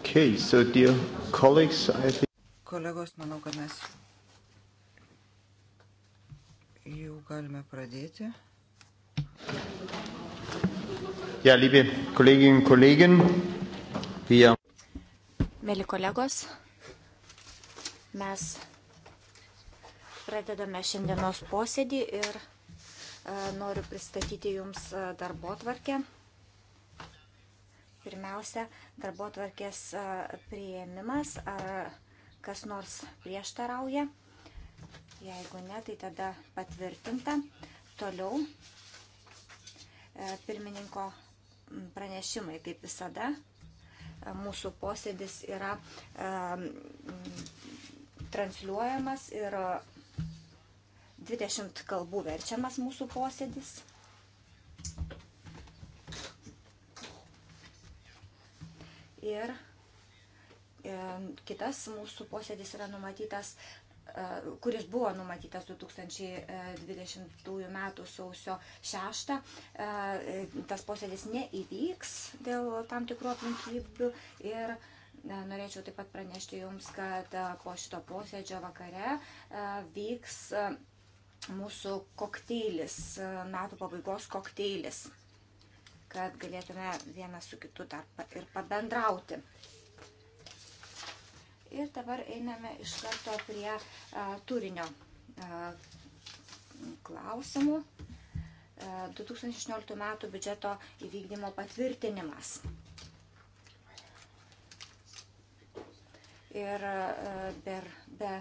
Okay, so dear colleagues, I think... Kolegos, manau, kad mes jau galime pradėti. Ja, liebe Kolleginnen und Kollegen, wir. Mėly kolegos, mes pradedame šiandienos posėdį ir e, noriu pristatyti Jums darbo tvarkę. E, Pirmiausia, darbo tvarkės prieimimas, ar kas nors prieštarauja. Jeigu ne, tai tada patvirtinta. Toliau e, pirmininko pranešimai, kaip visada. E, mūsų posėdis yra e, transliuojamas ir 20 kalbų verčiamas mūsų posėdis. ir e, kitas mūsų posėdis yra numatytas, e, kuris buvo numatytas 2020 m. sausio 6. E, tas posėdis neįvyks dėl tam tikrų aplinkybių ir norėčiau taip pat pranešti Jums, kad po šito posėdžio vakare vyks mūsų kokteilis, metų pabaigos kokteilis kad galėtume vienas su kitu dar ir pabendrauti. Ir dabar einame iš karto prie a, turinio a, klausimų. A, 2016 m. biudžeto įvykdymo patvirtinimas. Ir be, be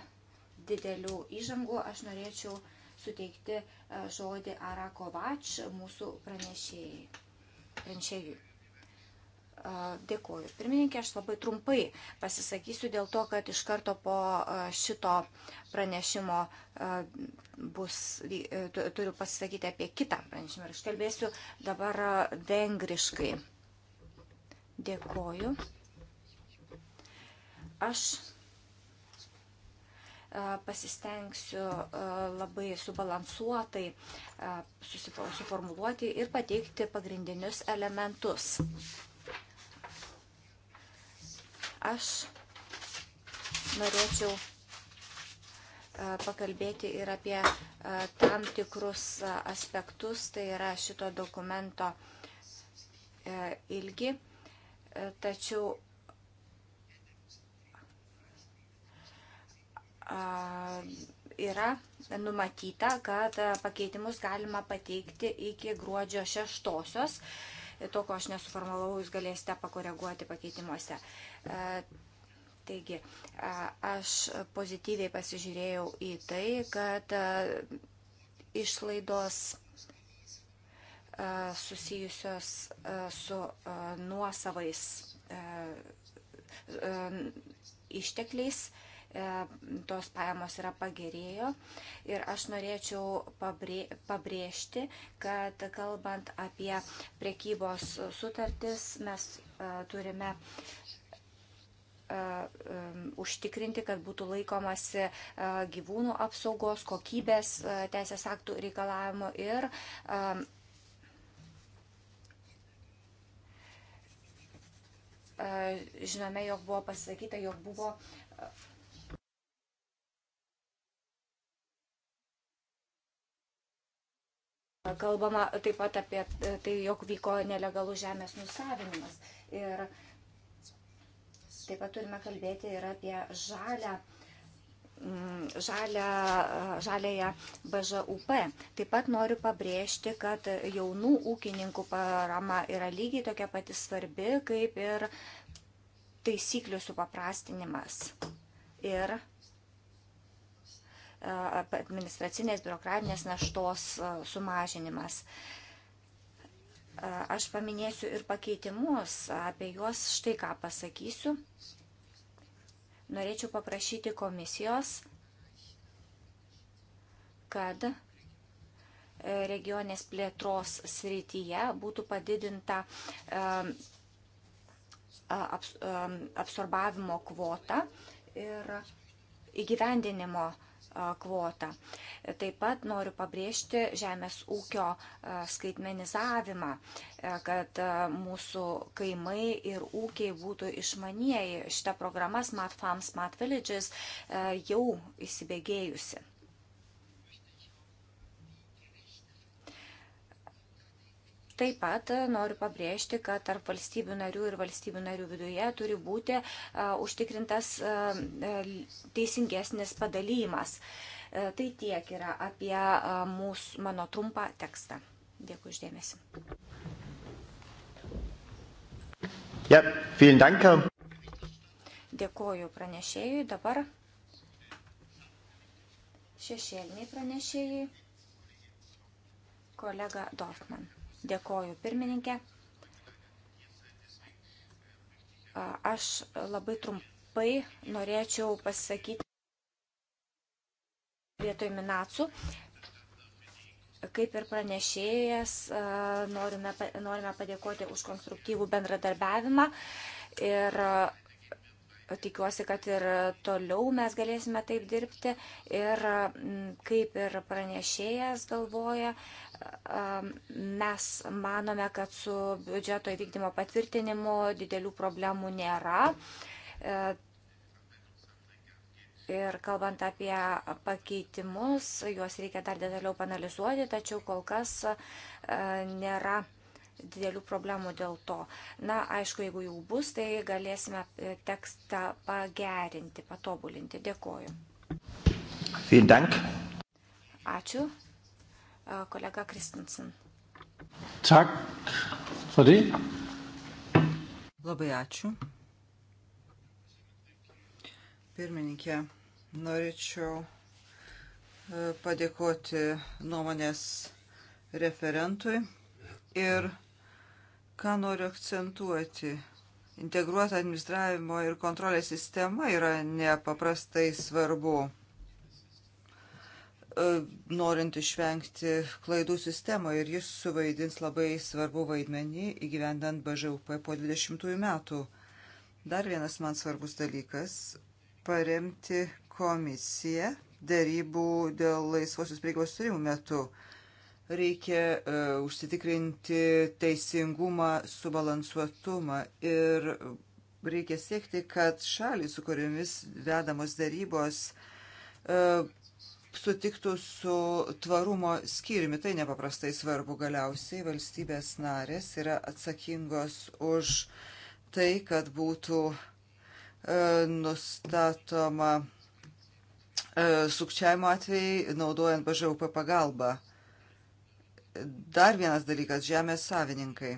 didelių įžangų aš norėčiau suteikti žodį Ara Kovač mūsų pranešėjai pranešėjui. Dėkuoju. Pirmininkė, aš labai trumpai pasisakysiu dėl to, kad iš karto po šito pranešimo bus, e, turiu pasisakyti apie kitą pranešimą ir aš kalbėsiu dabar vengriškai. Dėkuoju. Aš pasistengsiu labai subalansuotai suformuluoti ir pateikti pagrindinius elementus. Aš norėčiau pakalbėti ir apie tam tikrus aspektus, tai yra šito dokumento ilgi, tačiau yra numatyta, kad pakeitimus galima pateikti iki gruodžio šeštosios. To, ko aš nesuformalavau, jūs galėsite pakoreguoti pakeitimuose. Taigi, aš pozityviai pasižiūrėjau į tai, kad išlaidos susijusios su nuosavais ištekliais E, tos pajamos yra pagerėjo. Ir aš norėčiau pabrėžti, kad kalbant apie priekybos sutartis, mes e, turime e, užtikrinti, kad būtų laikomasi gyvūnų apsaugos, kokybės teisės aktų reikalavimo ir žinome, jog buvo pasakyta, jog buvo Kalbama taip pat apie e, tai, jog vyko nelegalų žemės nusavinimas. Ir taip pat turime kalbėti ir apie žalę mm, žalia, e, žalėje BŽUP. Taip pat noriu pabrėžti, kad jaunų ūkininkų parama yra lygiai tokia pati svarbi, kaip ir taisyklių supaprastinimas ir administracinės biurokratinės naštos sumažinimas. Aš paminėsiu ir pakeitimus, apie juos štai ką pasakysiu. Norėčiau paprašyti komisijos, kad e, regionės plėtros srityje būtų padidinta e, absorbavimo kvota ir įgyvendinimo kvota kvotą. Taip pat noriu pabrėžti žemės ūkio skaitmenizavimą, kad mūsų kaimai ir ūkiai būtų išmanieji. Šita programa Smart Farm, Smart Villages jau įsibėgėjusi. Taip pat e, noriu pabrėžti, kad tarp valstybių narių ir valstybių narių viduje turi būti e, užtikrintas e, teisingesnis padalymas. Tai tiek yra apie mūsų, mano trumpą tekstą. Dėkui uždėmesi. Ja, vielen Dank. Dėkoju pranešėjui. Dabar šešėliniai pranešėjai. Kolega Dorfman. Dėkoju pirmininkė. Aš labai trumpai norėčiau pasakyti vietoj Minacų. Kaip ir pranešėjas, norime, norime padėkoti už konstruktyvų bendradarbiavimą ir Tikiuosi, kad ir toliau mes galėsime taip dirbti ir mm, kaip ir pranešėjas galvoja, mes manome, kad su biudžeto įvykdymo patvirtinimu didelių problemų nėra. E, ir kalbant apie pakeitimus, juos reikia dar detaliau panalizuoti, tačiau kol kas nėra didelių problemų dėl to. Na, aišku, jeigu jų bus, tai galėsime e, tekstą pagerinti, patobulinti. Dėkoju. Ačiū. E, kolega Kristinsen. Tak. Fordi. Labai ačiū. Pirmininkė, norėčiau e, padėkoti nuomonės referentui ir Ką noriu akcentuoti? Integruota administravimo ir kontrolės sistema yra nepaprastai svarbu, e, norint išvengti klaidų sistemoje ir jis suvaidins labai svarbu vaidmenį įgyvendant BŽUP po 20 metų. Dar vienas man svarbus dalykas - paremti komisiją darybų dėl laisvosios prieigos turimų metų reikia uh, užsitikrinti teisingumą, subalansuotumą ir reikia siekti, kad šalis, su kuriomis vedamos darybos, uh, sutiktų su tvarumo skirimi. Tai nepaprastai svarbu galiausiai. Valstybės narės yra atsakingos už tai, kad būtų uh, nustatoma sukčiavimo atvejai, naudojant BŽUP pagalbą Dar vienas dalykas - žemės savininkai.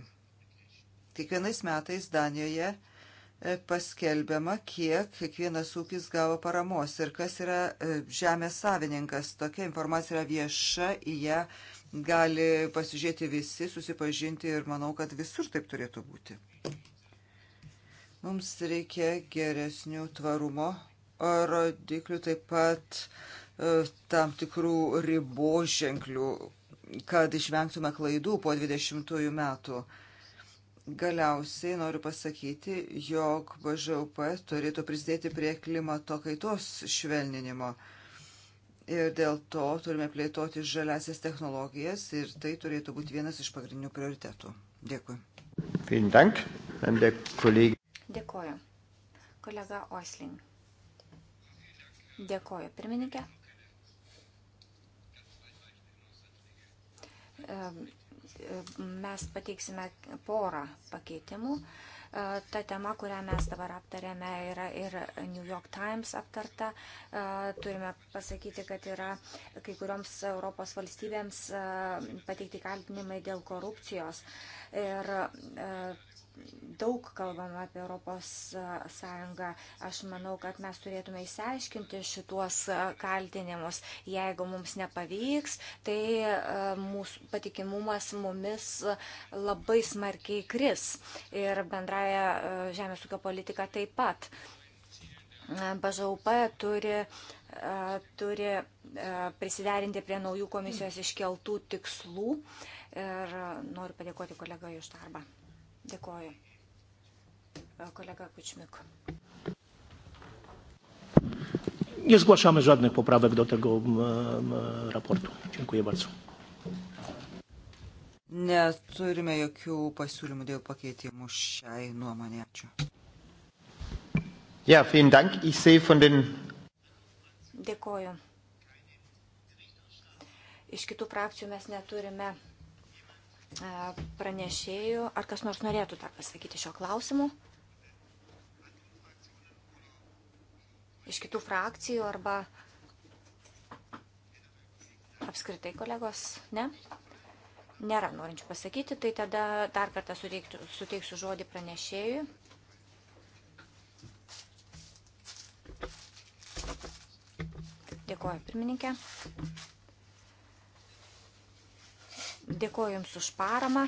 Kiekvienais metais Danijoje e, paskelbiama, kiek kiekvienas ūkis gavo paramos ir kas yra e, žemės savininkas. Tokia informacija yra vieša, į ją gali pasižiūrėti visi, susipažinti ir manau, kad visur taip turėtų būti. Mums reikia geresnių tvarumo rodiklių, taip pat e, tam tikrų riboženklių, kad išvengtume klaidų po 20 metų. Galiausiai noriu pasakyti, jog BŽUP turėtų prisidėti prie klimato kaitos švelninimo. Ir dėl to turime plėtoti žaliasias technologijas ir tai turėtų būti vienas iš pagrindinių prioritetų. Dėkui. Dėkuoju. Kolega Oisling. Dėkuoju, pirmininkė. mes pateiksime porą pakeitimų. E, ta tema, kurią mes dabar aptarėme, yra ir New York Times aptarta. E, turime pasakyti, kad yra kai kurioms Europos valstybėms e, pateikti kaltinimai dėl korupcijos. Ir daug kalbama apie Europos Sąjungą. Aš manau, kad mes turėtume įsiaiškinti šituos kaltinimus. Jeigu mums nepavyks, tai mūsų patikimumas mumis labai smarkiai kris. Ir bendraja žemės ūkio politika taip pat. BŽUP turi, turi prisiderinti prie naujų komisijos iškeltų tikslų ir noriu padėkoti kolegai už darbą. Dėkoju. E, kolega Kučmik. Nie zgłaszamy żadnych poprawek do tego raportu. Dziękuję bardzo. Neturime jokių pasiūlymų dėl pakeitimų šiai nuomonė. Ačiū. Ja, vielen Dank. Ich sehe von den. Dėkoju. Iš kitų frakcijų mes neturime E, pranešėjų. Ar kas nors norėtų dar pasakyti šio klausimu? Iš kitų frakcijų arba apskritai kolegos? Ne? Nėra norinčių pasakyti, tai tada dar kartą suteiktų, suteiksiu žodį pranešėjui. Dėkuoju pirmininkė. Dėkoju Jums už paramą.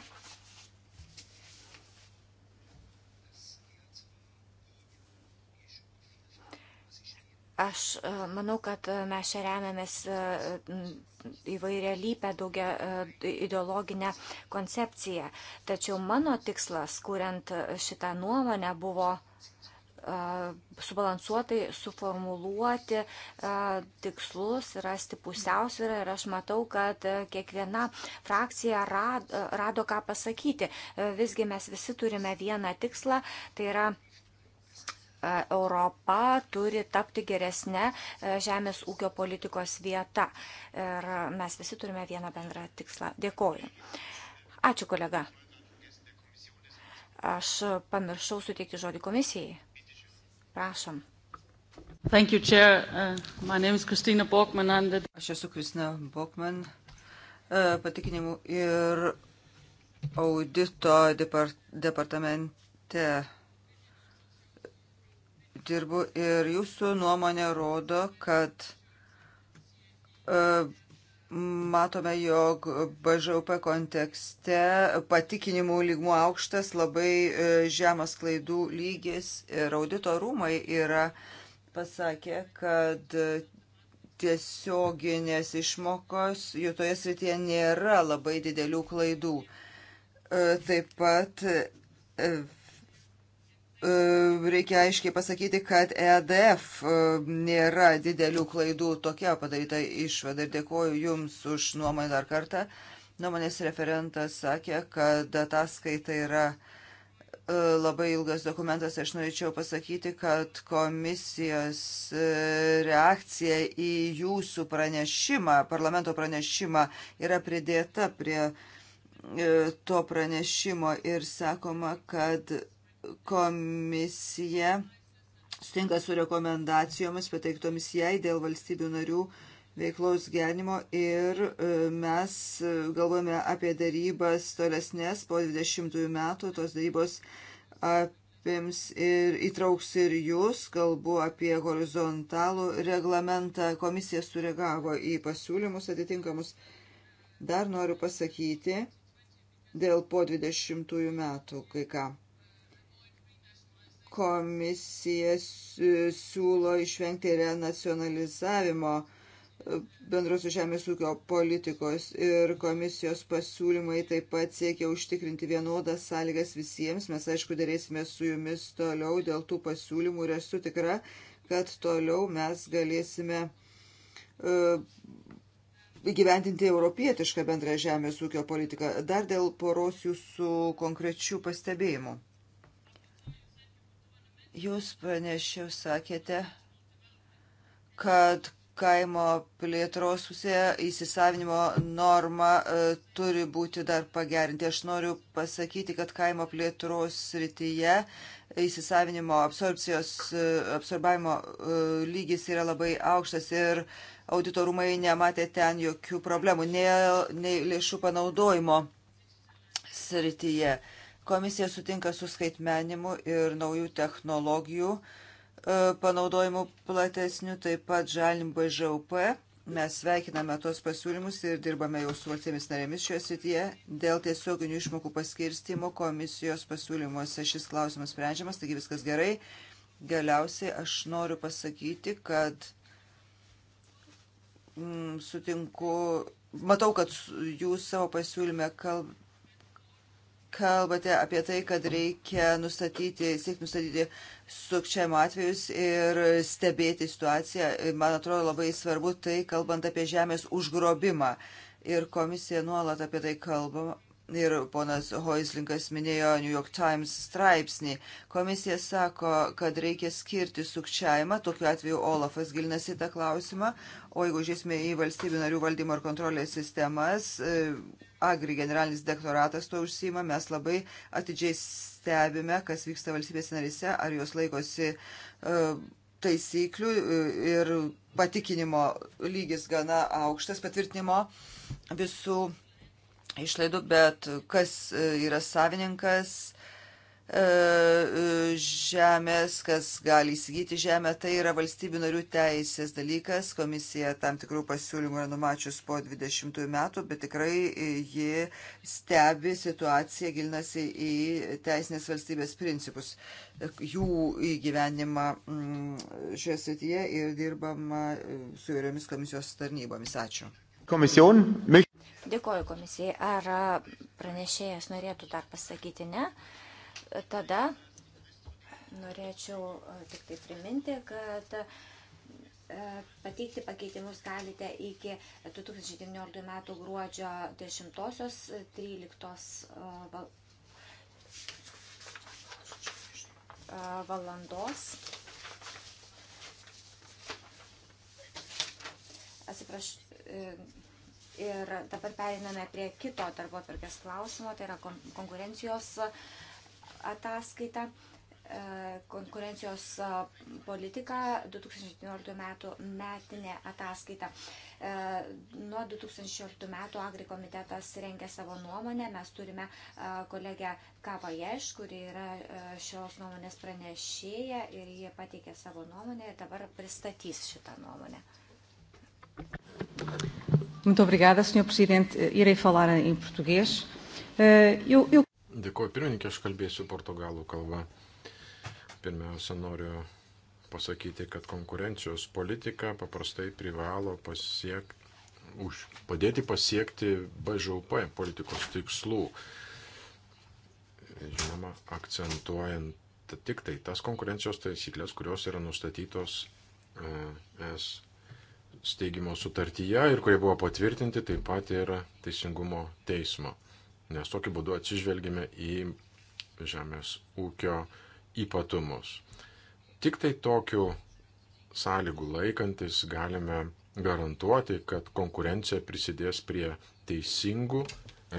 Aš e, manau, kad e, mes čia remiamės e, įvairia lypę daugia ideologinę koncepciją. Tačiau mano tikslas, kuriant šitą nuomonę, buvo subalansuotai suformuluoti tikslus, rasti pusiausvyrą ir aš matau, kad kiekviena frakcija rado, rado ką pasakyti. Visgi mes visi turime vieną tikslą, tai yra Europa turi tapti geresnė žemės ūkio politikos vieta. Ir mes visi turime vieną bendrą tikslą. Dėkoju. Ačiū, kolega. Aš pamiršau suteikti žodį komisijai. Prašom. Thank you, Chair. Uh, my name is Kristina Bokman. And the... Aš esu Kristina Bokman, uh, patikinimų ir audito depart departamente dirbu ir jūsų nuomonė rodo, kad uh, Matome, jog BŽUP kontekste patikinimų lygmuo aukštas, labai e, žemas klaidų lygis ir audito rūmai yra pasakė, kad tiesioginės išmokos jų toje srityje nėra labai didelių klaidų. E, taip pat e, E, reikia aiškiai pasakyti, kad EDF e, nėra didelių klaidų tokia padaryta išvada ir dėkoju Jums už nuomonę dar kartą. Nuomonės referentas sakė, kad ataskaita yra e, labai ilgas dokumentas. Aš norėčiau pasakyti, kad komisijos reakcija į Jūsų pranešimą, parlamento pranešimą yra pridėta prie to pranešimo ir sakoma, kad komisija stinka su rekomendacijomis pateiktomis jai dėl valstybių narių veiklos gerinimo ir e, mes e, galvojame apie darybas tolesnės po 20 metų. Tos darybos apims ir įtrauks ir jūs. Kalbu apie horizontalų reglamentą. Komisija sureagavo į pasiūlymus atitinkamus. Dar noriu pasakyti dėl po 20 metų kai ką. Komisija siūlo išvengti renacionalizavimo e, bendros žemės ūkio politikos ir komisijos pasiūlymai taip pat siekia užtikrinti vienodas sąlygas visiems. Mes, aišku, dėrėsime su jumis toliau dėl tų pasiūlymų ir esu tikra, kad toliau mes galėsime e, įgyventinti uh, europietišką bendrą žemės ūkio politiką. Dar dėl poros jūsų konkrečių pastebėjimų. Jūs pranešiau sakėte, kad kaimo plėtros pusėje įsisavinimo norma e, turi būti dar pagerinti. Aš noriu pasakyti, kad kaimo plėtros srityje įsisavinimo absorpcijos, e, absorbavimo e, lygis yra labai aukštas ir auditorumai nematė ten jokių problemų, nei, nei lėšų panaudojimo srityje. E, Komisija sutinka su skaitmenimu ir naujų technologijų e, panaudojimu platesniu, taip pat žalim BŽUP. Mes sveikiname tos pasiūlymus ir dirbame jau su valstybėmis narėmis šioje srityje. Dėl tiesioginių išmokų paskirstimo komisijos pasiūlymuose šis klausimas sprendžiamas, taigi viskas gerai. Galiausiai aš noriu pasakyti, kad mm, sutinku, matau, kad jūs savo pasiūlyme kalbate kalbate apie tai, kad reikia nustatyti, siekti nustatyti sukčiavimo atvejus ir stebėti situaciją. Man atrodo labai svarbu tai, kalbant apie žemės užgrobimą. Ir komisija nuolat apie tai kalbama, ir ponas Hoislinkas minėjo New York Times straipsnį. Komisija sako, kad reikia skirti sukčiavimą, tokiu atveju Olafas gilinasi tą klausimą, o jeigu žiūrėsime į valstybių narių valdymo ir kontrolės sistemas, e, Agri generalinis dektoratas to užsima, mes labai atidžiai stebime, kas vyksta valstybės narise, ar jos laikosi e, taisyklių e, ir patikinimo lygis gana aukštas, patvirtinimo visų išlaidų, bet kas e, yra savininkas e, e, žemės, kas gali įsigyti žemę, tai yra valstybių narių teisės dalykas. Komisija tam tikrų pasiūlymų yra numačius po 20 metų, bet tikrai ji stebi situaciją, gilinasi į teisinės valstybės principus, jų įgyvenimą mm, šioje srityje ir dirbama su įvairiomis komisijos tarnybomis. Ačiū. Komision. Dėkoju komisijai. Ar pranešėjas norėtų dar pasakyti ne? Tada norėčiau e, tik tai priminti, kad e, pateikti pakeitimus galite iki 2019 m. gruodžio 10.13 e, valandos. atsipraš. E, ir dabar periname prie kito darbo atvarkės klausimo, tai yra konkurencijos ataskaita, e, konkurencijos e, politika 2019 metų metinė ataskaita. Nuo 2016 metų Agri komitetas rengia savo nuomonę. Mes turime kolegę Kavaješ, kuri yra šios nuomonės pranešėja ir jie pateikė savo nuomonę ir dabar pristatys šitą nuomonę. Muito obrigada, Sr. Presidente. Irei falar em português. Eh, eu, eu... Dėkuoju, pirmininkė, aš kalbėsiu portugalų kalbą. Pirmiausia, noriu pasakyti, kad konkurencijos politika paprastai privalo pasiekti, už, padėti pasiekti BŽUP politikos tikslų. Žinoma, akcentuojant tik tai tas konkurencijos taisyklės, kurios yra nustatytos eh, ES steigimo sutartyje ir kurie buvo patvirtinti taip pat ir Teisingumo teismo. Nes tokiu būdu atsižvelgime į žemės ūkio ypatumus. Tik tai tokių sąlygų laikantis galime garantuoti, kad konkurencija prisidės prie teisingų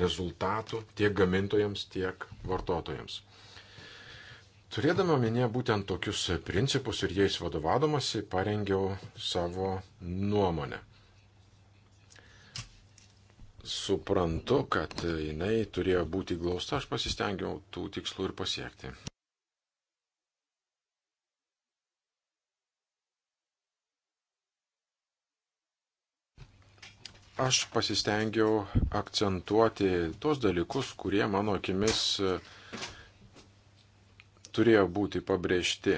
rezultatų tiek gamintojams, tiek vartotojams. Turėdama minė būtent tokius principus ir jais vadovaudomasi, parengiau savo nuomonę. Suprantu, kad jinai turėjo būti glausta, aš pasistengiau tų tikslų ir pasiekti. Aš pasistengiau akcentuoti tos dalykus, kurie mano akimis uh, turėjo būti pabrėžti.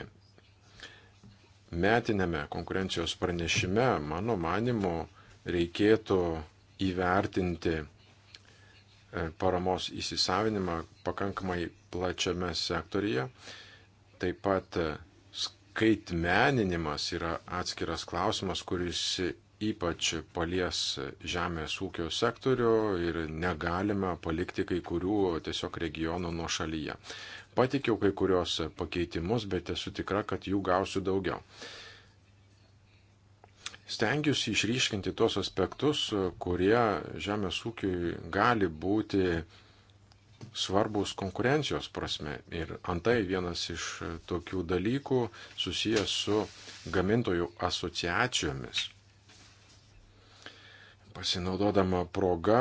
Metinėme konkurencijos pranešime, mano manimu, reikėtų įvertinti e, paramos įsisavinimą pakankamai plačiame sektorija. Taip pat e, skaitmeninimas yra atskiras klausimas, kuris ypač palies žemės ūkio sektorių ir negalime palikti kai kurių tiesiog regionų nuo šalyje. Pateikiau kai kurios pakeitimus, bet esu tikra, kad jų gausiu daugiau. Stengiuosi išryškinti tos aspektus, kurie žemės ūkiui gali būti svarbus konkurencijos prasme. Ir antai vienas iš tokių dalykų susijęs su gamintojų asociacijomis. Pasinaudodama proga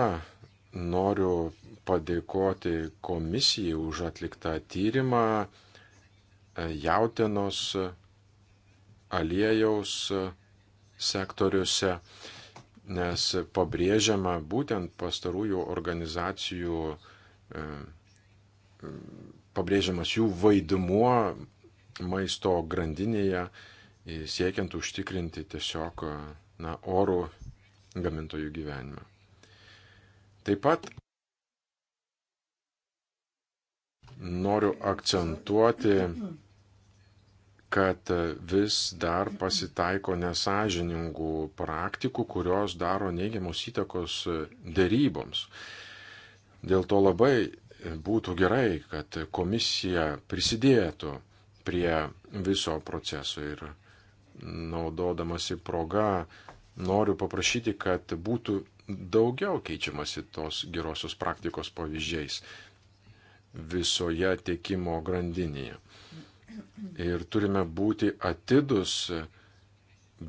Noriu padėkoti komisijai už atliktą tyrimą jautienos aliejaus sektoriuose, nes pabrėžiama būtent pastarųjų organizacijų, e, pabrėžiamas jų vaidmuo maisto grandinėje, siekiant užtikrinti tiesiog na, orų gamintojų gyvenimą. Taip pat noriu akcentuoti, kad vis dar pasitaiko nesažiningų praktikų, kurios daro neigiamos įtakos dėryboms. Dėl to labai būtų gerai, kad komisija prisidėtų prie viso proceso ir naudodamasi proga noriu paprašyti, kad būtų daugiau keičiamasi tos gerosios praktikos pavyzdžiais visoje tiekimo grandinėje. Ir turime būti atidus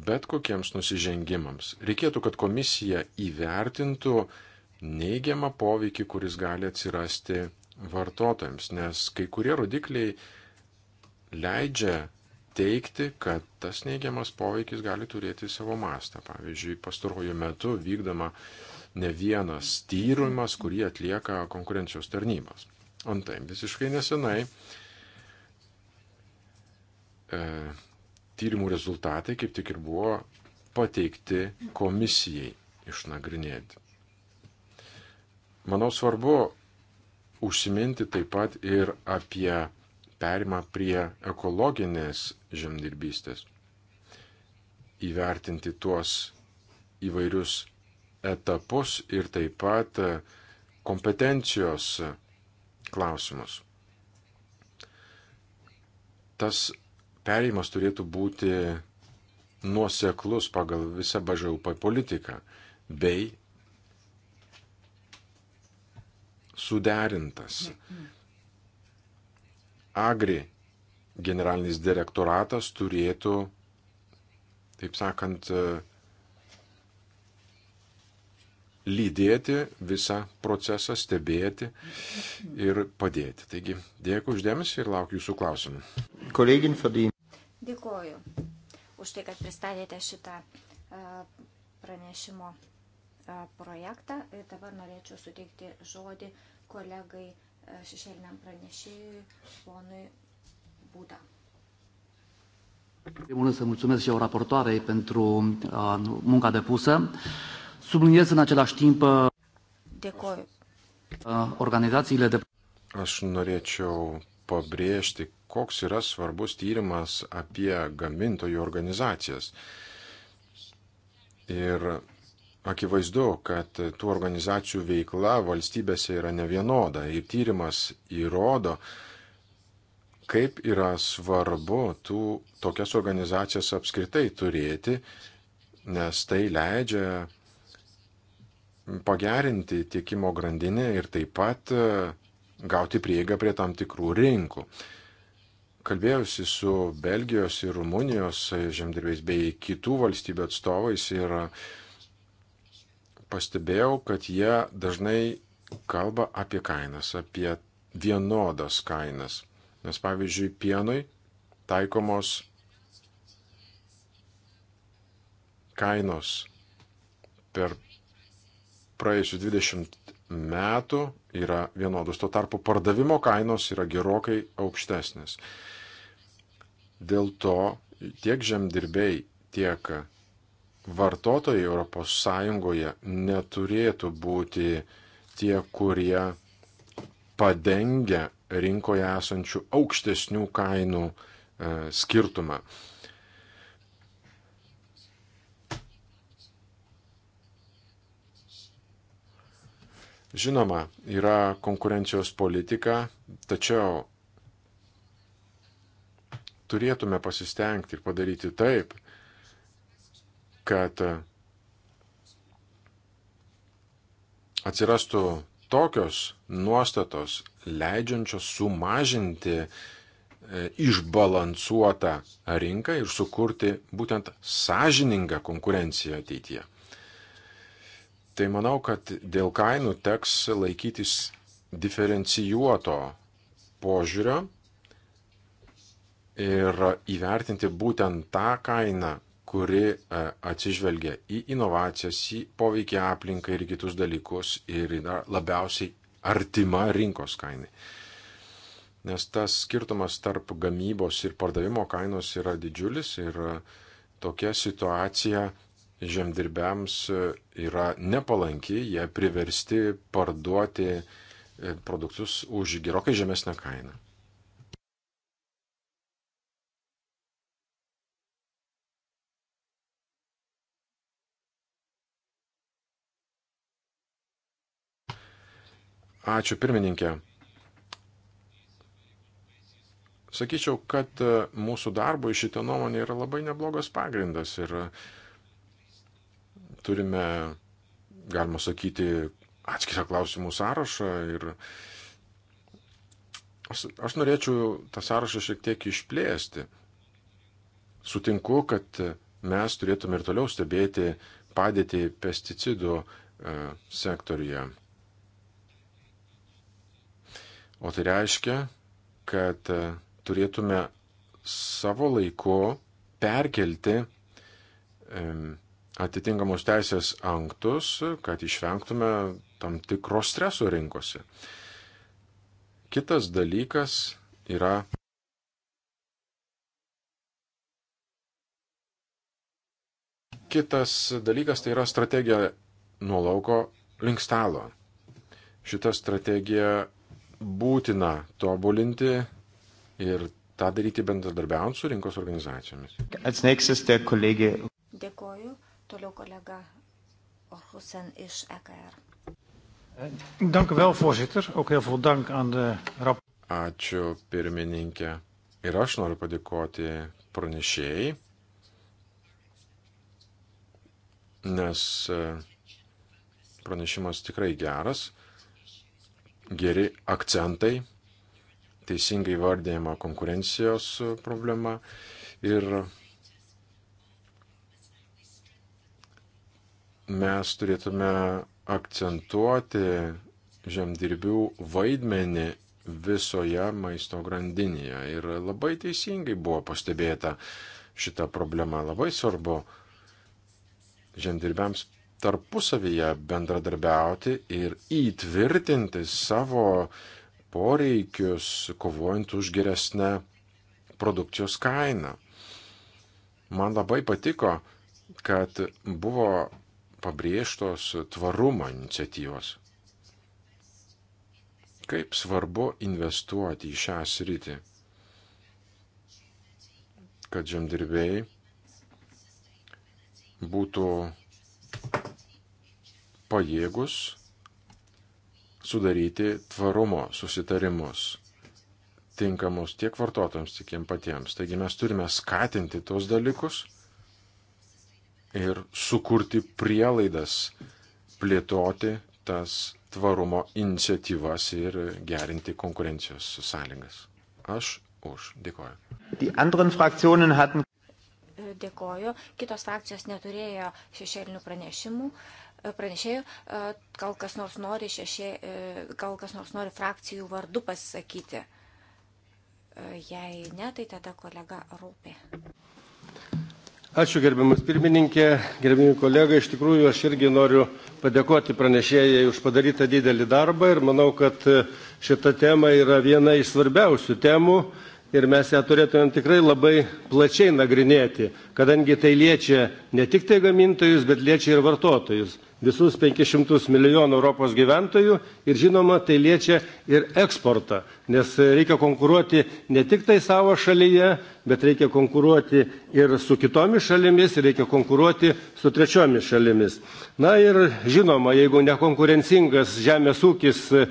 bet kokiems nusižengimams. Reikėtų, kad komisija įvertintų neigiamą poveikį, kuris gali atsirasti vartotojams, nes kai kurie rodikliai leidžia teikti, kad tas neigiamas poveikis gali turėti savo mastą. Pavyzdžiui, pastaruoju metu vykdoma ne vienas tyrimas, kurį atlieka konkurencijos tarnybos. Antai, visiškai nesenai e, tyrimų rezultatai kaip tik ir buvo pateikti komisijai išnagrinėti. Manau svarbu užsiminti taip pat ir apie perima prie ekologinės žemdirbystės. Įvertinti tuos įvairius etapus ir taip pat kompetencijos klausimus. Tas perėjimas turėtų būti nuoseklus pagal visą BŽUP politiką bei suderintas. Mm -hmm Agri generalinis direktoratas turėtų, taip sakant, lydėti visą procesą, stebėti ir padėti. Taigi, dėkui uždėmesi ir laukiu jūsų klausimų. Kolegin Fadin. Dėkoju už tai, kad pristatėte šitą e, pranešimo e, projektą. Ir dabar norėčiau suteikti žodį kolegai E, šešėliniam pranešėjui ponui Būda. Primul rând să mulțumesc și eu raportoarei pentru uh, munca depusă. Subliniez în același timp uh, Dėkoju. Uh, organizațiile de... Aš norėčiau pabrėžti, koks yra svarbus tyrimas apie gamintojų organizacijas. Ir akivaizdu, kad tų organizacijų veikla valstybėse yra nevienoda ir tyrimas įrodo, kaip yra svarbu tų, tokias organizacijas apskritai turėti, nes tai leidžia pagerinti tiekimo grandinę ir taip pat e, gauti prieigą prie tam tikrų rinkų. Kalbėjusi su Belgijos ir Rumunijos žemdirbiais bei kitų valstybių atstovais ir pastebėjau, kad jie dažnai kalba apie kainas, apie vienodas kainas. Nes pavyzdžiui, pienui taikomos kainos per praėjusius 20 metų yra vienodos, tuo tarpu pardavimo kainos yra gerokai aukštesnės. Dėl to tiek žemdirbiai, tiek vartotojai ES neturėtų būti tie, kurie padengia rinkoje esančių aukštesnių kainų e, skirtumą. Žinoma, yra konkurencijos politika, tačiau turėtume pasistengti ir padaryti taip, kad atsirastų tokios nuostatos, leidžiančios sumažinti e, išbalansuotą rinką ir sukurti būtent sąžiningą konkurenciją ateityje. Tai manau, kad dėl kainų teks laikytis diferencijuoto požiūrio ir įvertinti būtent tą kainą, kuri e, atsižvelgia į inovacijas, į poveikį aplinkai ir kitus dalykus ir yra labiausiai artima rinkos kainai. Nes tas skirtumas tarp gamybos ir pardavimo kainos yra didžiulis ir e, tokia situacija žemdirbiams e, yra nepalanki, jie priversti parduoti produktus už gerokai žemesnę kainą. Ačiū pirmininkė. Sakyčiau, kad e, mūsų darbo iš šitą nuomonę yra labai neblogas pagrindas ir turime, galima sakyti, atskirą klausimų sąrašą ir aš, aš norėčiau tą sąrašą šiek tiek išplėsti. Sutinku, kad mes turėtume ir toliau stebėti padėtį pesticidų e, sektoriuje. O tai reiškia, kad e, turėtume savo laiku perkelti atitinkamos teisės aktus, kad išvengtume tam tikro streso rinkose. Kitas dalykas yra Kitas dalykas tai yra strategija nuo lauko link stalo. Šita strategija būtina tobulinti ir tą daryti bendradarbiaujant su rinkos organizacijomis. Dėkoju. Toliau kolega Orhusen iš EKR. Dank u wel, voorzitter. Ook heel veel dank aan de rap. Ačiū, pirmininkė. Ir aš noriu padėkoti pranešėjai, nes e, pranešimas tikrai geras geri akcentai, teisingai vardėjama konkurencijos problema ir mes turėtume akcentuoti žemdirbių vaidmenį visoje maisto grandinėje. Ir labai teisingai buvo pastebėta šita problema. Labai svarbu žemdirbiams tarpusavyje bendradarbiauti ir įtvirtinti savo poreikius, kovojant už geresnę produkcijos kainą. Man labai patiko, kad buvo pabrėžtos tvarumo iniciatyvos. Kaip svarbu investuoti į šią sritį, kad žemdirbėjai būtų pajėgus sudaryti tvarumo susitarimus tinkamus tiek vartotojams, tiek jiems patiems. Taigi mes turime skatinti tos dalykus ir sukurti prielaidas plėtoti tas tvarumo iniciatyvas ir gerinti konkurencijos sąlygas. Aš už. Dėkoju. Dėkoju. Kitos frakcijos neturėjo šešėlinių pranešimų. Uh, pranešėjų. Gal kas nors nori šešė, e, gal kas nors nori frakcijų vardu pasisakyti. Jei ne, tai tada kolega Rūpė. Ačiū gerbiamas pirmininkė, gerbiami kolega, iš tikrųjų aš irgi noriu padėkoti pranešėjai už padarytą didelį darbą ir manau, kad šita tema yra viena iš svarbiausių temų ir mes ją turėtumėm tikrai labai plačiai nagrinėti kadangi tai liečia ne tik tai gamintojus bet liečia ir vartotojus visus penkis šimtus milijonų europos gyventojų ir žinoma tai liečia ir eksportą nes reikia konkuruoti ne tik tai savo šalyje bet reikia konkuruoti ir su kitomis šalimis reikia konkuruoti su trečiomis šalimis na ir žinoma jeigu nekonkurencingas žemės ūkis e,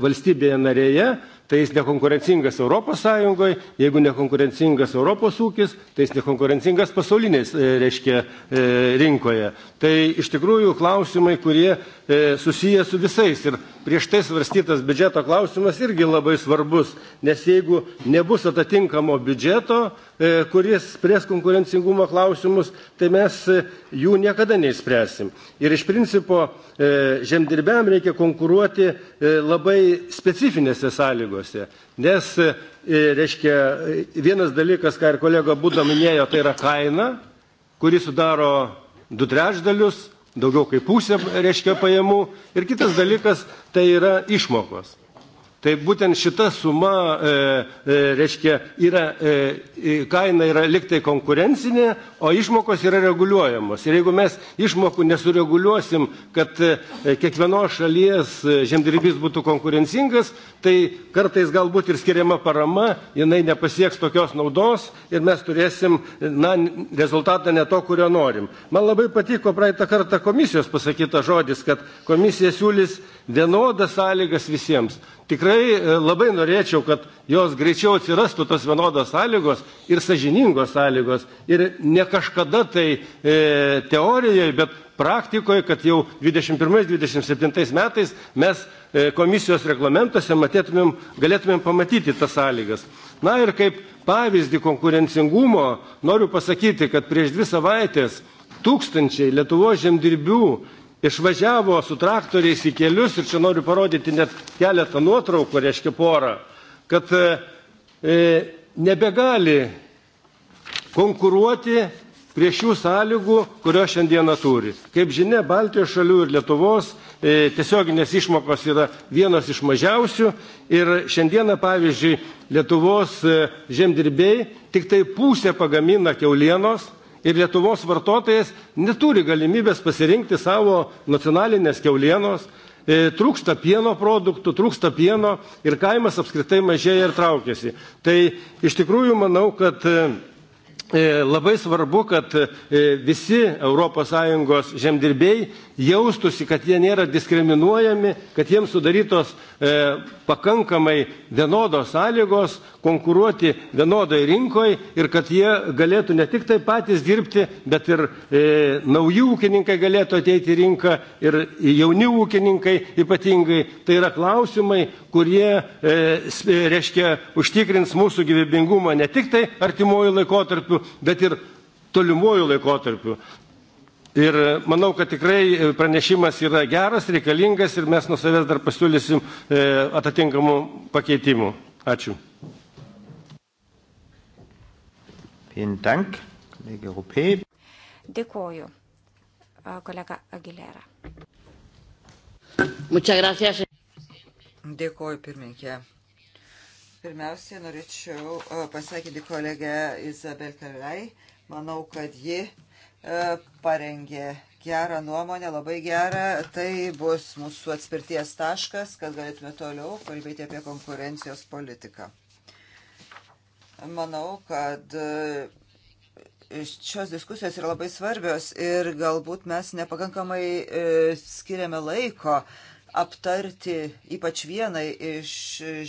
valstybėje narėje tai jis nekonkurencingas europos sąjungoj jeigu nekonkurencingas europos ūkis tai jis nekonkurencingas pasaulinės e, reiškia e, rinkoje tai iš tikrųjų klausimai kurie e, susiję su visais ir prieš tai svarstytas biudžeto klausimas irgi labai svarbus nes jeigu nebus atitinkamo biudžeto E, kuris spręs konkurencingumo klausimus, tai mes e, jų niekada neįspręsim. Ir iš principo e, žemdirbėm reikia konkuruoti labai specifinėse sąlygose, nes, reiškia, vienas dalykas, ką ir kolega Būda minėjo, tai yra kaina, kuri sudaro du trečdalius, daugiau kaip pusę, reiškia, pajamų. Ir kitas dalykas, tai yra išmokos. Tai būtent šita suma, e, e, reiškia, yra, e, e, kaina yra liktai konkurencinė, o išmokos yra reguliuojamos. Ir jeigu mes išmokų nesureguliuosim, kad e, kiekvienos šalies e, žemdirbys būtų konkurencingas, tai kartais galbūt ir skiriama parama, jinai nepasieks tokios naudos ir mes turėsim, na, rezultatą ne to, kurio norim. Man labai patiko praeitą kartą komisijos pasakytas žodis, kad komisija siūlys vienodas sąlygas visiems tikrai e, labai norėčiau, kad jos greičiau atsirastų tos vienodos sąlygos ir sažiningos sąlygos. Ir ne kažkada tai e, teorijoje, bet praktikoje, kad jau 21-27 metais mes e, komisijos reglamentuose matėtumėm, galėtumėm pamatyti tas sąlygas. Na ir kaip pavyzdį konkurencingumo noriu pasakyti, kad prieš dvi savaitės tūkstančiai Lietuvos žemdirbių išvažiavo su traktoriais į kelius ir čia noriu parodyti net keletą nuotraukų, reiškia porą, kad e, e nebegali konkuruoti prie šių sąlygų, kurio šiandieną turi. Kaip žinia, Baltijos šalių ir Lietuvos e, tiesioginės išmokos yra vienos iš mažiausių ir šiandieną, pavyzdžiui, Lietuvos e, žemdirbėjai tik tai pusę pagamina keulienos, ir Lietuvos vartotojas neturi galimybės pasirinkti savo nacionalinės keulienos, e, trūksta pieno produktų, trūksta pieno ir kaimas apskritai mažėja ir traukiasi. Tai iš tikrųjų manau, kad e, E, labai svarbu, kad e, visi ES žemdirbėjai jaustųsi, kad jie nėra diskriminuojami, kad jiems sudarytos e, pakankamai vienodos sąlygos konkuruoti vienodai rinkoje ir kad jie galėtų ne tik tai patys dirbti, bet ir nauji ūkininkai galėtų ateiti į rinką ir jauni ūkininkai ypatingai. Tai yra klausimai, kurie reiškia užtikrins mūsų gyvybingumą ne tik tai artimuoju laikotarpiu, laikotarpiu, bet ir tolimuoju laikotarpiu. Ir e, manau, kad tikrai e, pranešimas yra geras, reikalingas ir mes nuo savęs dar pasiūlysim e, atitinkamų pakeitimų. Ačiū. Dėkuoju, kolega Aguilera. Dėkuoju, pirmininkė. Pirmiausiai norėčiau e, pasakyti kolegę Izabel Kalrai. Manau, kad ji e, parengė gerą nuomonę, labai gerą. Tai bus mūsų atspirties taškas, kad galėtume toliau kalbėti apie konkurencijos politiką. Manau, kad e, šios diskusijos yra labai svarbios ir galbūt mes nepakankamai skiriame laiko uh, aptarti ypač vienai iš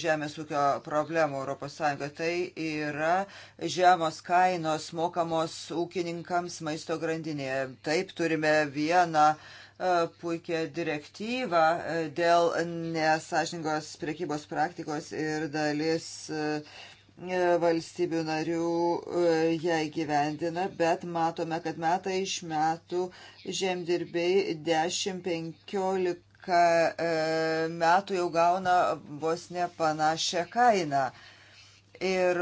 žemės ūkio problemų ES. Tai yra žemos kainos mokamos ūkininkams maisto grandinėje. Taip turime vieną e, puikia direktyva e, dėl nesažingos prekybos praktikos ir dalis e, valstybių narių ją įgyvendina, bet matome, kad metai iš metų žemdirbiai 10-15 15 e, metų jau gauna vos nepanašią kainą. Ir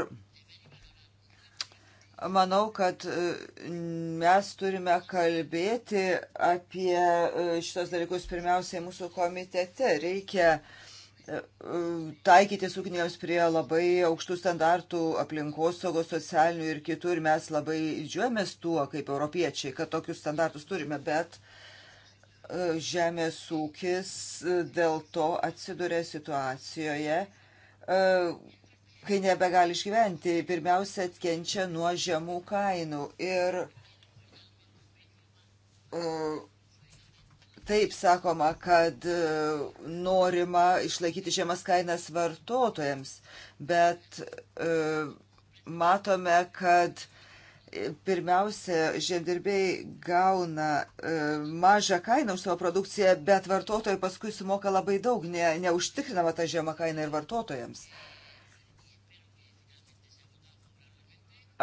manau, kad e, mes turime kalbėti apie e, šitos dalykus pirmiausiai mūsų komitete. Reikia taikyti ūkininkams prie labai aukštų standartų aplinkos saugos, socialinių ir kitų. Ir mes labai didžiuojamės tuo, kaip europiečiai, kad tokius standartus turime, bet žemės ūkis dėl to atsiduria situacijoje, e, kai nebegali išgyventi. Pirmiausia, atkenčia nuo žemų kainų. Ir e, taip sakoma, kad e, norima išlaikyti žemas kainas vartotojams, bet matome, kad pirmiausia, žemdirbiai gauna e, mažą kainą už savo produkciją, bet vartotojai paskui sumoka labai daug, ne, neužtikrinama ta žema kaina ir vartotojams.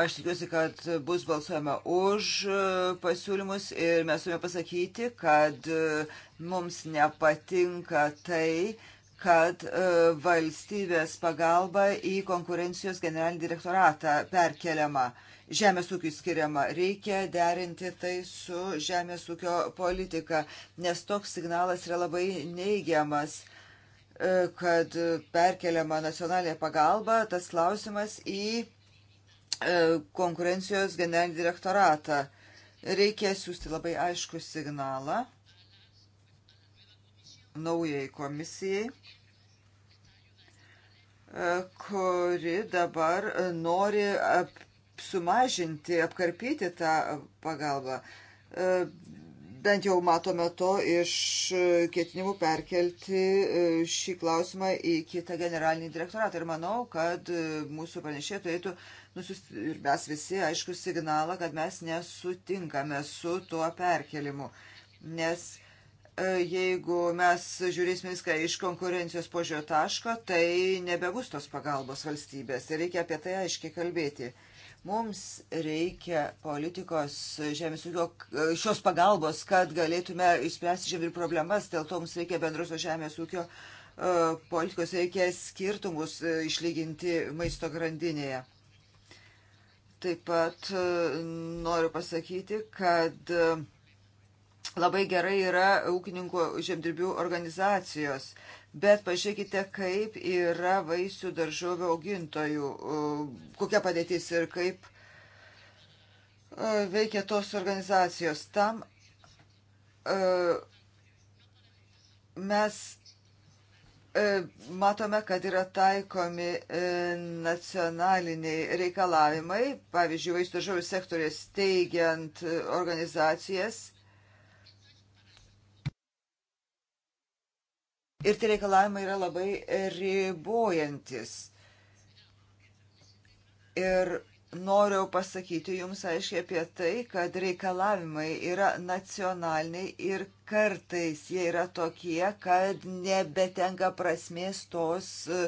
Aš tikiuosi, kad bus balsuojama už e, pasiūlymus ir mes turime pasakyti, kad e, mums nepatinka tai, kad e, valstybės pagalba į konkurencijos generalinį direktoratą perkeliama. Žemės ūkiui skiriama. Reikia derinti tai su žemės ūkio politika, nes toks signalas yra labai neigiamas e, kad perkeliama nacionalinė pagalba, tas klausimas į e, konkurencijos generalinį direktoratą. Reikia siūsti labai aišku signalą naujai komisijai, e, kuri dabar nori sumažinti, apkarpyti tą pagalbą. E, bent jau matome to iš ketinimų perkelti e, šį klausimą į kitą generalinį direktoratą. Ir manau, kad mūsų pranešė turėtų nusiųsti ir mes visi aišku signalą, kad mes nesutinkame su tuo perkelimu. Nes E, jeigu mes žiūrėsime viską iš konkurencijos požiūrio taško, tai nebebus tos pagalbos valstybės. Ir tai reikia apie tai aiškiai kalbėti. Mums reikia politikos žemės ūkio e, šios pagalbos, kad galėtume išspręsti žemdirbių problemas, dėl to mums reikia bendrosios žemės ūkio e, politikos, reikia skirtumus išlyginti maisto grandinėje. Taip pat noriu pasakyti, kad labai gerai yra ūkininkų žemdirbių organizacijos, bet pažiūrėkite, kaip yra vaisių daržovių augintojų, kokia padėtis ir kaip veikia tos organizacijos. Tam mes e, matome, kad yra taikomi e, nacionaliniai reikalavimai, pavyzdžiui, vaisių daržovių sektorės teigiant e, organizacijas Ir tie reikalavimai yra labai ribojantis. Ir noriu pasakyti jums aiškiai apie tai, kad reikalavimai yra nacionaliniai ir kartais jie yra tokie, kad nebetenka prasmės tos e,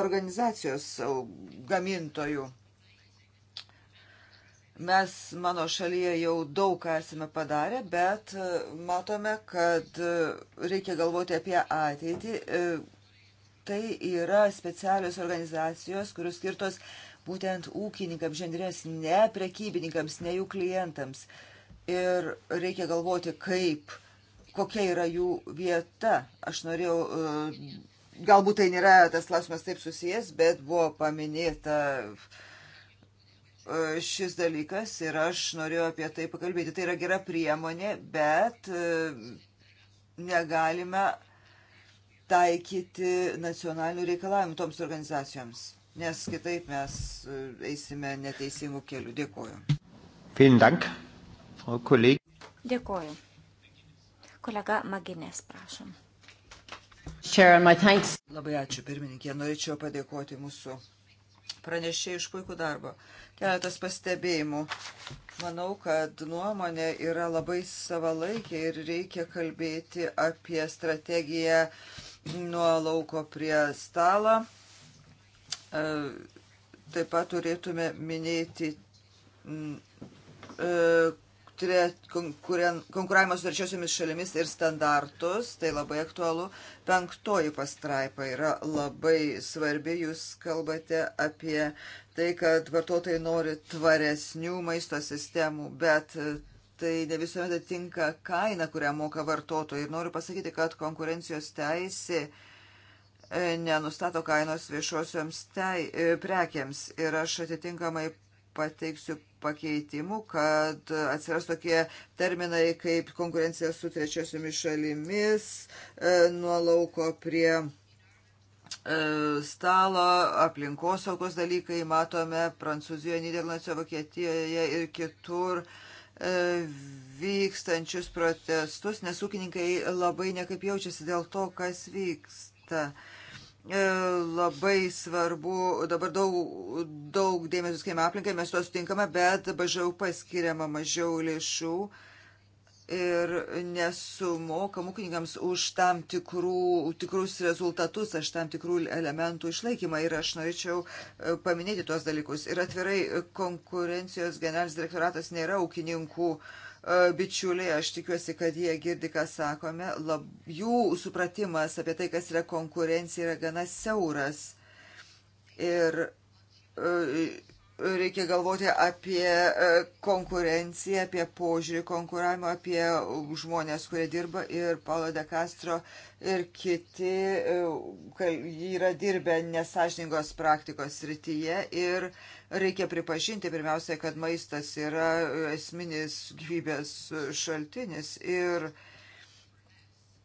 organizacijos e, gamintojų. Mes mano šalyje jau daug ką esame padarę, bet e, matome, kad e, reikia galvoti apie ateitį. E, tai yra specialios organizacijos, kurios skirtos būtent ūkininkams, žendrės ne prekybininkams, ne jų klientams. Ir reikia galvoti, kaip, kokia yra jų vieta. Aš norėjau, galbūt tai nėra tas klausimas taip susijęs, bet buvo paminėta uh, E, šis dalykas ir aš norėjau apie tai pakalbėti. Tai yra gera priemonė, bet e, negalime taikyti nacionalinių reikalavimų toms organizacijoms, nes kitaip mes e, eisime neteisingų kelių. Dėkuoju. Dank, Dėkuoju. Kolega Maginės, prašom. Sharon, my thanks. Labai ačiū, pirmininkė. Norėčiau padėkoti mūsų pranešė iš puikų darbą. Keletas pastebėjimų. Manau, kad nuomonė yra labai savalaikė ir reikia kalbėti apie strategiją nuo lauko prie stalo. E, taip pat turėtume minėti e, konkuravimo su trečiosiomis šalimis ir standartus, tai labai aktualu. Penktoji pastraipa yra labai svarbi, jūs kalbate apie tai, kad vartotojai nori tvaresnių maisto sistemų, bet tai ne visuomet atitinka kaina, kurią moka vartotojai. Ir noriu pasakyti, kad konkurencijos teisė e, nenustato kainos viešosioms tei, e, prekiams ir aš atitinkamai pateiksiu pakeitimų, kad atsiras tokie terminai kaip konkurencija su trečiosiomis šalimis, e, nuo lauko prie e, stalo, aplinkosaugos dalykai, matome Prancūzijoje, Niderlanduose, Vokietijoje ir kitur e, vykstančius protestus, nes ūkininkai labai nekaip jaučiasi dėl to, kas vyksta. Uh, E, labai svarbu, dabar daug, daug dėmesio skiriame aplinkai, mes to sutinkame, bet bažiau paskiriama mažiau lėšų ir nesumokam ūkininkams už tam tikrų, tikrus rezultatus, aš tam tikrų elementų išlaikymą ir aš norėčiau e, paminėti tuos dalykus. Ir atvirai konkurencijos generalinis direktoratas nėra ūkininkų uh, E, bičiuliai, aš tikiuosi, kad jie girdi, ką sakome, lab, jų supratimas apie tai, kas yra konkurencija, yra gana siauras. Ir e, reikia galvoti apie e, konkurenciją, apie požiūrį konkuravimą, apie žmonės, kurie dirba ir Paulo de Castro ir kiti e, yra dirbę nesažningos praktikos srityje ir reikia pripažinti pirmiausia, kad maistas yra e, esminis gyvybės šaltinis ir uh,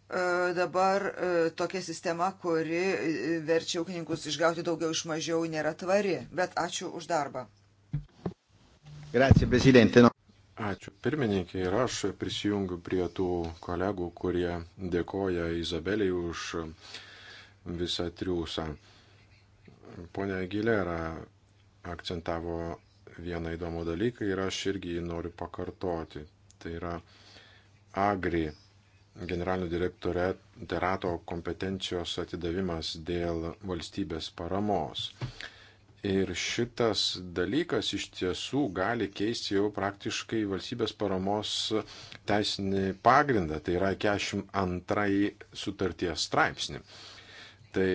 E, dabar e, tokia sistema, kuri e, verčia ūkininkus išgauti daugiau iš mažiau, nėra tvari. Bet ačiū už darbą. Grazie, prezidente. No. Ačiū pirmininkė ir aš prisijungiu prie tų kolegų, kurie dėkoja Izabeliai už visą triūsą. Pone Gilera akcentavo vieną įdomų dalyką ir aš irgi jį noriu pakartoti. Tai yra agri generalinio direktorato kompetencijos atidavimas dėl valstybės paramos. Ir šitas dalykas iš tiesų gali keisti jau praktiškai valstybės paramos teisinį pagrindą, tai yra 42 sutarties straipsnį. Tai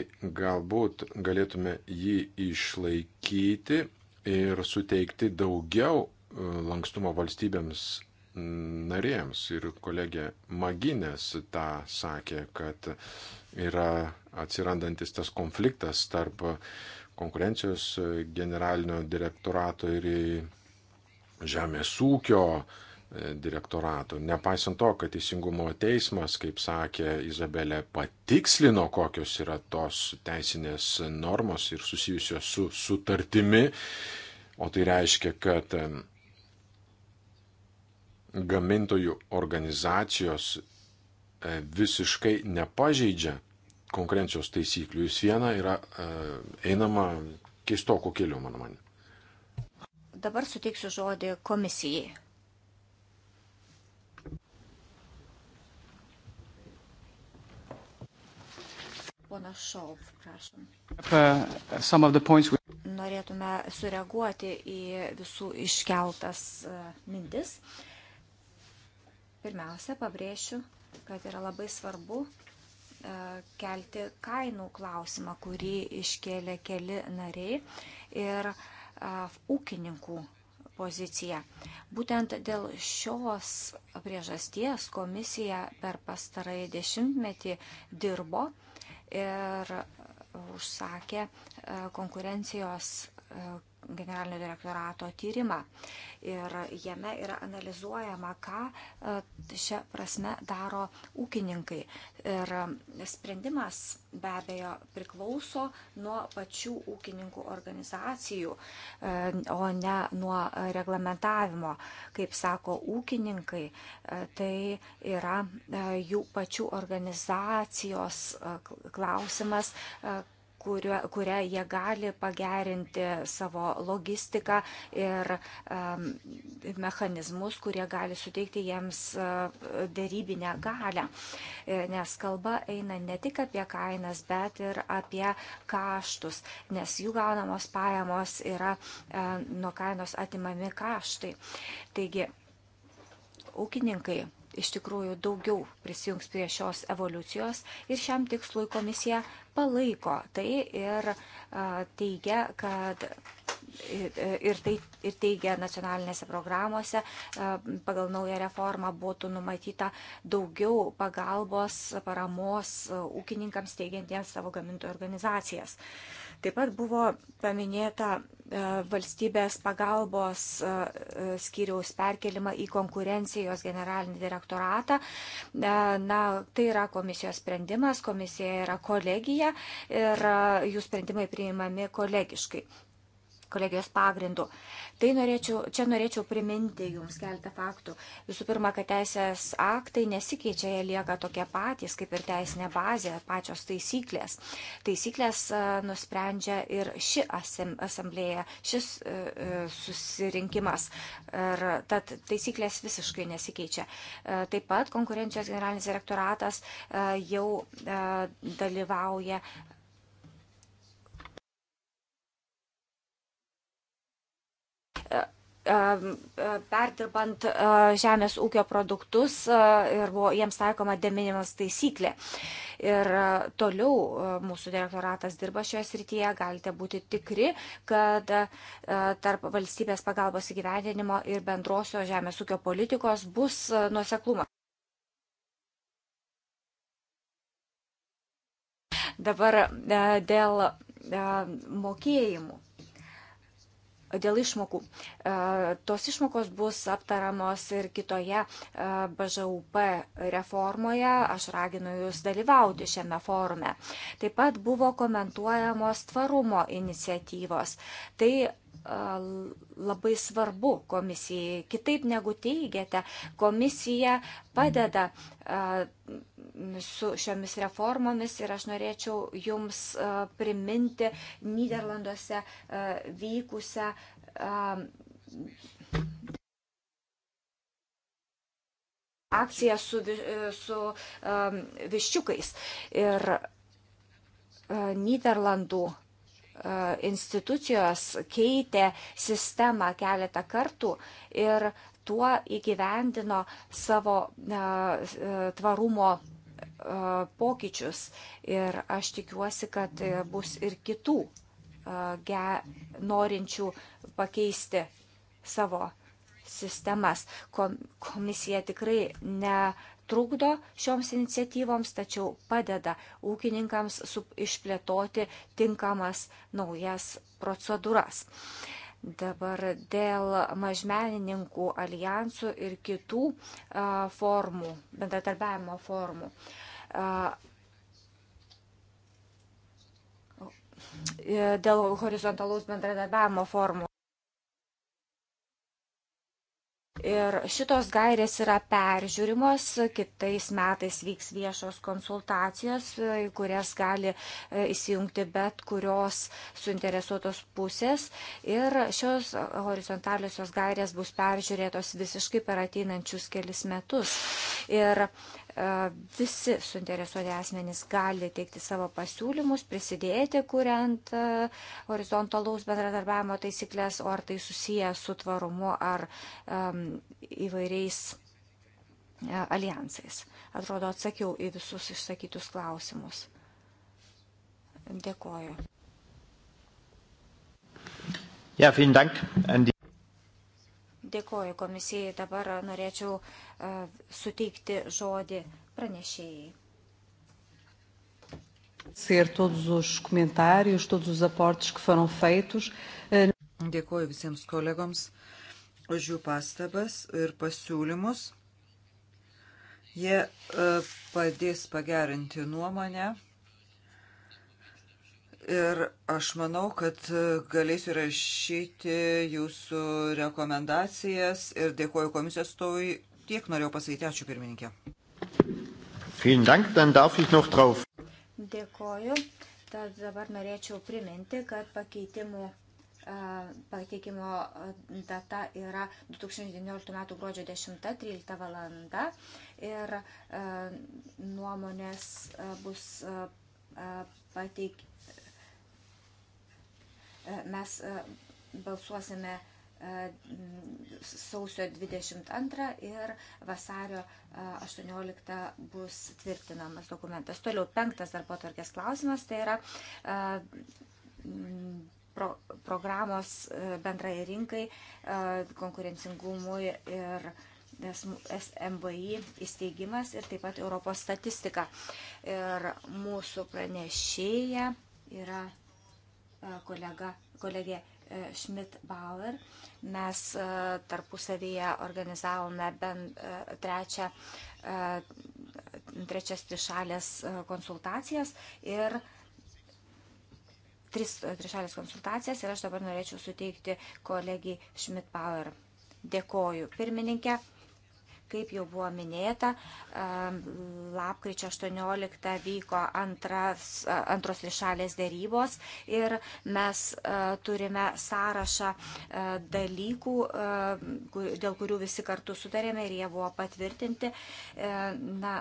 galbūt galėtume jį išlaikyti ir suteikti daugiau e, lankstumo valstybėms narėms. Ir kolegė Maginės tą sakė, kad yra atsirandantis tas konfliktas tarp konkurencijos generalinio direktorato ir žemės ūkio e, direktorato. Nepaisant to, kad Teisingumo teismas, kaip sakė Izabelė, patikslino, kokios yra tos teisinės normos ir susijusios su sutartimi, o tai reiškia, kad gamintojų organizacijos e, visiškai nepažeidžia konkurencijos taisyklių. Jis viena yra e, einama keistokų keliu, mano man. Dabar suteiksiu žodį komisijai. Pona Šolf, prašom. Uh, Norėtume sureaguoti į visų iškeltas uh, mintis. Uh, Pirmiausia, pabrėšiu, kad yra labai svarbu e, kelti kainų klausimą, kurį iškėlė keli nariai ir e, ūkininkų poziciją. Būtent dėl šios priežasties komisija per pastarąjį dešimtmetį dirbo ir e, užsakė konkurencijos generalinio direktorato tyrimą. Ir jame yra analizuojama, ką e, šią prasme daro ūkininkai. Ir e, sprendimas be abejo priklauso nuo pačių ūkininkų organizacijų, e, o ne nuo reglamentavimo. Kaip sako ūkininkai, tai yra jų pačių organizacijos klausimas, kurio, kurią jie gali pagerinti savo logistiką ir um, mechanizmus, kurie gali suteikti jiems uh, e, dėrybinę galę. E, nes kalba eina ne tik apie kainas, bet ir apie kaštus, nes jų gaunamos pajamos yra uh, nuo kainos atimami kaštai. Taigi, ūkininkai iš tikrųjų daugiau prisijungs prie šios evoliucijos ir šiam tikslui komisija palaiko tai ir teigia, kad ir, tai, ir teigia nacionalinėse programuose pagal naują reformą būtų numatyta daugiau pagalbos, paramos ūkininkams teigiantiems savo gamintojų organizacijas. Taip pat buvo paminėta e, valstybės pagalbos e, e, skyriaus perkelimą į konkurencijos generalinį direktoratą. Na, tai yra komisijos sprendimas, komisija yra kolegija ir jų sprendimai priimami kolegiškai kolegijos pagrindu. Tai norėčiau, čia norėčiau priminti jums keletą faktų. Visų pirma, kad teisės aktai nesikeičia, jie lieka tokie patys, kaip ir teisinė bazė, pačios taisyklės. Taisyklės e, nusprendžia ir ši asamblėja, šis e, e, susirinkimas. Ir tad taisyklės visiškai nesikeičia. Taip pat konkurencijos generalinis direktoratas jau dalyvauja E, e, e, perdirbant žemės ūkio produktus ir buvo jiems taikoma deminimas taisyklė. Ir toliau mūsų direktoratas dirba šioje srityje, galite būti tikri, kad tarp valstybės pagalbos įgyvendinimo ir bendrosios žemės ūkio politikos bus nuoseklumas. Dabar dėl mokėjimų dėl išmokų. E, tos išmokos bus aptaramos ir kitoje e, BŽUP reformoje. Aš raginu Jūs dalyvauti šiame forume. Taip pat buvo komentuojamos tvarumo iniciatyvos. Tai labai svarbu komisijai. Kitaip negu teigiate, komisija padeda su šiomis reformomis ir aš norėčiau Jums priminti Niderlanduose vykusią akciją su, su um, viščiukais. Ir uh, Niderlandų uh, E, institucijos keitė sistemą keletą kartų ir tuo įgyvendino savo e, e, tvarumo pokyčius. Ir aš tikiuosi, kad bus ir kitų norinčių pakeisti savo sistemas. Komisija tikrai ne trukdo šioms iniciatyvoms, tačiau padeda ūkininkams išplėtoti tinkamas naujas procedūras. Dabar dėl mažmenininkų alijansų ir kitų formų, bendradarbiavimo formų. Dėl horizontalaus bendradarbiavimo formų. Ir šitos gairės yra peržiūrimos, kitais metais vyks viešos konsultacijos, į kurias gali e, įsijungti bet kurios suinteresuotos pusės. Ir šios horizontaliosios gairės bus peržiūrėtos visiškai per ateinančius kelis metus. Ir E, visi suinteresuoti asmenys gali teikti savo pasiūlymus, prisidėti, kuriant e, horizontalaus bendradarbiavimo taisyklės, o ar tai susiję su tvarumu ar um, įvairiais e, alijansais. Atrodo, atsakiau į visus išsakytus klausimus. Dėkoju. Ja, vielen Dank. Dėkoju komisijai. Dabar norėčiau e, suteikti žodį pranešėjai. Ser todos os comentários, todos os aportes que foram feitos. Eh, Dėkoju visiems kolegoms už jų pastabas ir pasiūlymus. Jie eh, padės pagerinti nuomonę. Ir aš manau, kad galėsiu rašyti jūsų rekomendacijas ir dėkuoju komisijos stovui. Tiek norėjau pasakyti. Ačiū pirmininkė. Dėkuoju. Tad dabar norėčiau priminti, kad pakeitimų pateikimo data yra 2019 m. gruodžio 10-13 valanda ir nuomonės bus pateikti E, mes e, balsuosime e, sausio 22 ir vasario 18 bus tvirtinamas dokumentas. Toliau penktas darbo tvarkės klausimas, tai yra pro, programos bendrai rinkai, konkurencingumui ir SMBI įsteigimas ir taip pat Europos statistika. Ir mūsų pranešėja yra E, kolega, kolegė e, Schmidt Bauer. Mes e, tarpusavėje organizavome bent trečią, trečias trišalės konsultacijas ir tris trišalės konsultacijas ir aš dabar norėčiau suteikti kolegijai Schmidt Bauer. Dėkoju pirmininkė, Kaip jau buvo minėta, lapkričio 18 vyko antras, antros lišalės dėrybos ir mes turime sąrašą dalykų, dėl kurių visi kartu sutarėme ir jie buvo patvirtinti. E, na,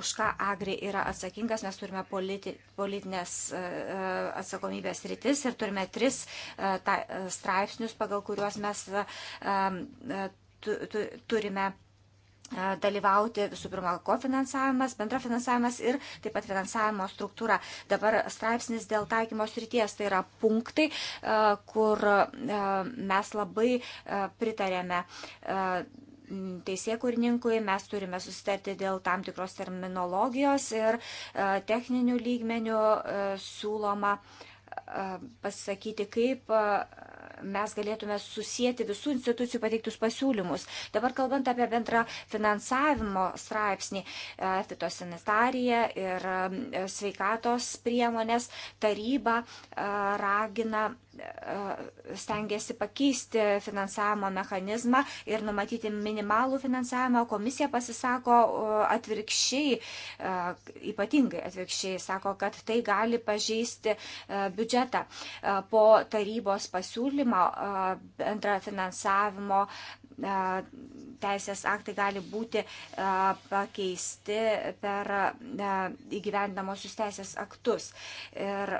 už ką Agri yra atsakingas, mes turime politi, politinės atsakomybės rytis ir turime tris ta, straipsnius, pagal kuriuos mes tu, tu, turime dalyvauti visų pirma kofinansavimas, bendrafinansavimas ir taip pat finansavimo struktūra. Dabar straipsnis dėl taikymo srities tai yra punktai, kur mes labai pritarėme teisėkurininkui, mes turime susitarti dėl tam tikros terminologijos ir techninių lygmenių siūloma pasakyti, kaip mes galėtume susijęti visų institucijų pateiktus pasiūlymus. Dabar kalbant apie bendrą finansavimo straipsnį, e, fitosanitariją ir e, sveikatos priemonės, taryba e, ragina E, stengiasi pakeisti finansavimo mechanizmą ir numatyti minimalų finansavimą, komisija pasisako e, atvirkščiai, e, ypatingai atvirkščiai, sako, kad tai gali pažeisti biudžetą. Po tarybos pasiūlymo bendra finansavimo teisės aktai gali būti pakeisti per įgyvendamosius teisės aktus. Ir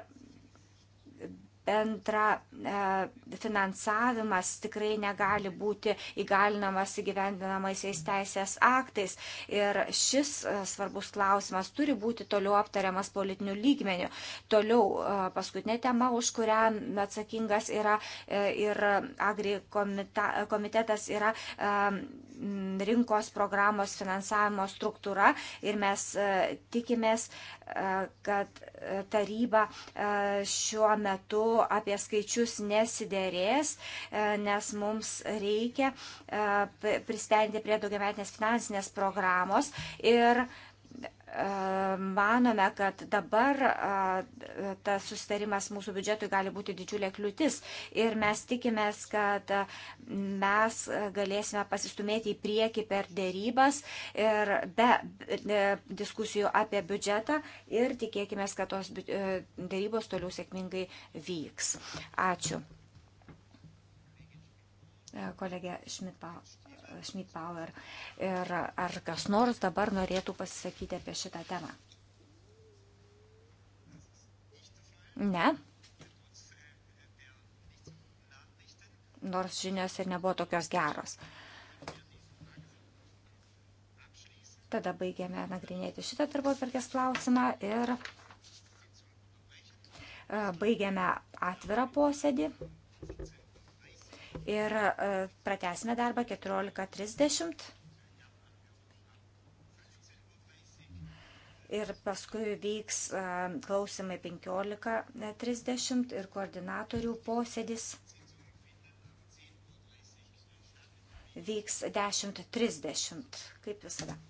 bendra e, finansavimas tikrai negali būti įgalinamas įgyvendinamaisiais teisės aktais. Ir šis e, svarbus klausimas turi būti toliau aptariamas politiniu lygmeniu. Toliau e, paskutinė tema, už kurią atsakingas yra ir agri komitetas, yra Mm, rinkos programos finansavimo struktūra ir mes e, tikimės, e, kad e, taryba šiuo metu apie skaičius nesiderės, nes mums reikia pristendi prie daugiametinės finansinės programos ir manome, kad dabar tas sustarimas mūsų biudžetui gali būti didžiulė kliūtis ir mes tikimės, kad mes galėsime pasistumėti į priekį per dėrybas ir be e, diskusijų apie biudžetą ir tikėkime, kad tos e, dėrybos toliau sėkmingai vyks. Ačiū. E, kolegė Šmitpaus. Schmidt Power. Ir ar kas nors dabar norėtų pasisakyti apie šitą temą? Ne. Nors žinios ir nebuvo tokios geros. Tada baigėme nagrinėti šitą darbo atvarkės klausimą ir e, baigėme atvirą posėdį ir e, pratesime darbą 14.30. Ir paskui vyks e, klausimai 15.30 ir koordinatorių posėdis vyks 10.30, kaip visada.